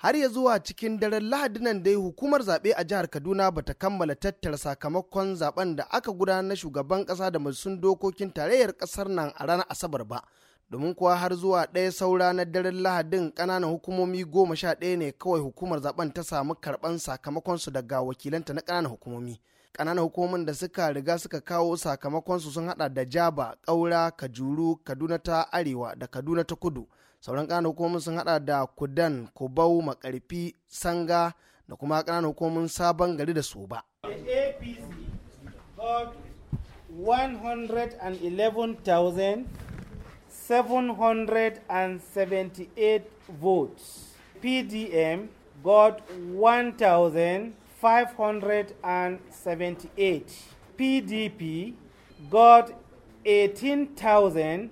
har ya zuwa cikin daren lahadinan nan dai hukumar zaɓe a jihar kaduna ba ta kammala tattara sakamakon zaɓen da aka gudanar na shugaban ƙasa da majalisun dokokin tarayyar ƙasar nan a ranar asabar ba domin kuwa har zuwa ɗaya saura na daren lahadin ƙananan hukumomi goma sha ɗaya ne kawai hukumar zaɓen ta samu karɓan sakamakonsu daga wakilanta na ƙananan hukumomi ƙananan hukumomin da suka riga suka kawo sakamakonsu sun haɗa da jaba ƙaura kajuru kaduna ta arewa da kaduna ta kudu sauran ƙananan hukumomin sun hada da kudan kubau makarfi sanga da kuma ƙananan hukumomin sabon gari da soba 111,778 votes. PDM got 1,578. PDP got 18,000.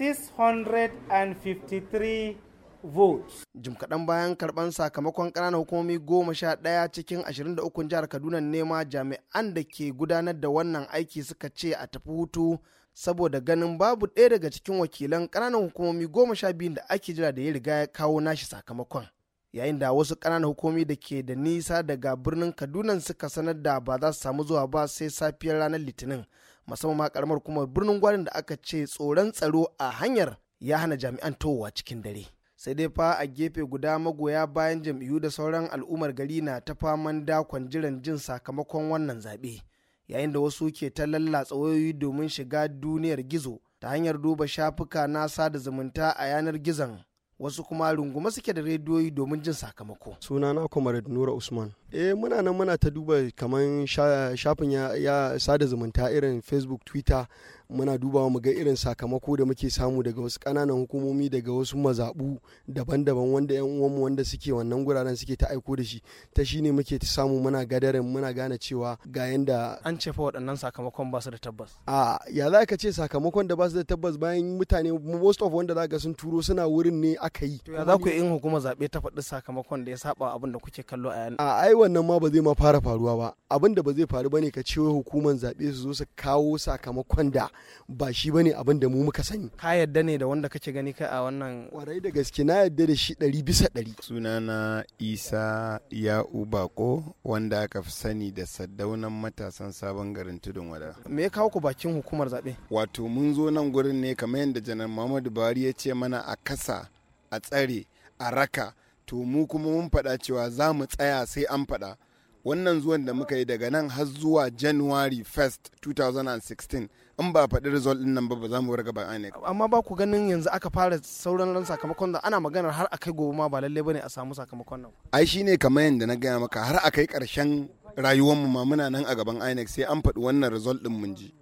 653 votes. Jim kaɗan bayan karɓar sakamakon ƙananan hukumomi goma sha ɗaya cikin 23 jihar Kaduna nema jami'an da ke gudanar da wannan aiki suka ce a tafi hutu saboda ganin babu ɗaya daga cikin wakilan ƙananan hukumomi goma sha biyu da ake jira da ya riga ya kawo nashi sakamakon. Yayin da wasu ƙananan hukumomi da ke da nisa daga birnin Kaduna suka sanar da ba za su samu zuwa ba sai safiyar ranar Litinin. musamman ma karamar kuma birnin gwarin da aka ce tsoron tsaro a hanyar ya hana jami'an towa cikin dare sai dai fa a gefe guda magoya bayan jam'iyyu da sauran al'ummar gari na ta faman dakon jiran jin sakamakon wannan zaɓe yayin da wasu ke ta lallatsa wayoyi domin shiga duniyar gizo ta hanyar duba shafuka na sada zumunta a yanar gizon wasu kuma runguma suke da rediyoyi domin jin sakamako. suna Sunana Comrade Nura Usman. e muna nan muna ta duba kamar shafin ya, sada zumunta irin Facebook, Twitter muna dubawa mu ga irin sakamako da muke samu daga wasu ƙananan hukumomi daga wasu mazaɓu daban-daban wanda yan uwanmu wanda suke wannan guraren suke ta aiko da shi ta shine muke ta samu muna gadarin muna gane cewa ga yanda an ce fa waɗannan sakamakon ba su da tabbas a ya za ka ce sakamakon da ba su da tabbas bayan mutane most of wanda za ka sun turo suna wurin ne aka yi to ya za ku in hukuma zaɓe ta faɗi sakamakon da ya saba abin da kuke kallo a yana a ai wannan ma ba zai ma fara faruwa ba abin da ba zai faru bane ka ce hukuman zaɓe su zo su kawo sakamakon da ba shi bane abin da mu muka sani ka yadda ne da wanda kake gani kai a wannan kwarai da gaske na yadda da shi ɗari bisa ɗari na isa ya ubako wanda aka fi sani da saddaunan matasan sabon garin tudun wada me ya kawo ku bakin hukumar zaɓe wato mun zo nan gurin ne kamar yadda janar muhammadu buhari ya ce mana a kasa a tsare a raka to mu kuma mun faɗa cewa za mu tsaya sai an faɗa wannan zuwan da muka yi daga nan har zuwa january 1 2016 in ba faɗi result ɗin nan ba ba za mu warga ba INEC. amma ba ku ganin yanzu aka fara sauran ran sakamakon da ana maganar har akai gobe ma ba lallai bane a samu sakamakon nan ai shine kamar yadda na gaya maka har akai karshen rayuwar mu ma muna nan a gaban INEC sai an faɗi wannan result ɗin mun ji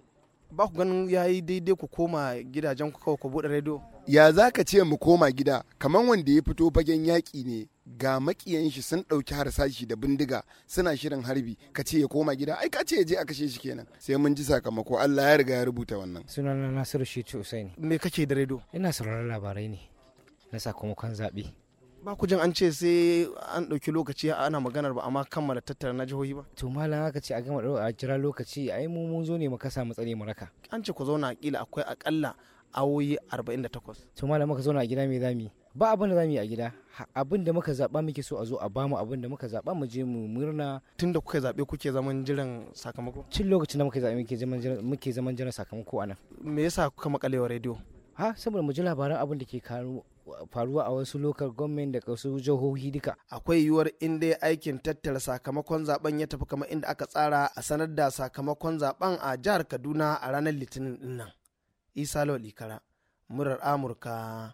ba ku ganin ya yi daidai ku koma gidajen ku kawai ku buɗe rediyo ya za ka ce mu koma gida kamar wanda ya fito fagen yaƙi ne ga makiyan shi sun ɗauki harsashi da bindiga suna shirin harbi ka ce ya koma gida ai ka ce ya je a kashe shi kenan sai mun ji sakamako Allah ya riga ya rubuta wannan sunana Nasiru Shitu Usaini me kake da redo ina sauraron labarai ne na sakamakon zabe ba ku jin an ce sai an ɗauki lokaci ana maganar ba amma kammala tattara na jihohi ba to malam aka ce a gama a jira lokaci ai mu mun zo ne mu kasa mu tsare mu raka an ce ku zauna kila akwai akalla awoyi 48 to malam ka zauna a gida me zamu yi ba abin da za mu yi a gida abin da muka zaɓa muke so a zo a bamu abin da muka zaɓa mu je mu murna tun da kuka zaɓe kuke zaman jiran sakamako cin lokacin da muka zaɓe muke zaman jiran muke zaman jiran sakamako a nan me yasa kuka makalewa rediyo ha saboda mu ji labaran abin da ke karo faruwa a wasu lokal gwamnati da kasu jihohi duka. Akwai yiwuwar in aikin tattara sakamakon zaben ya tafi kamar inda aka tsara a sanar da sakamakon zaben a jihar Kaduna a ranar Litinin dinnan. Isa Lawal murar Amurka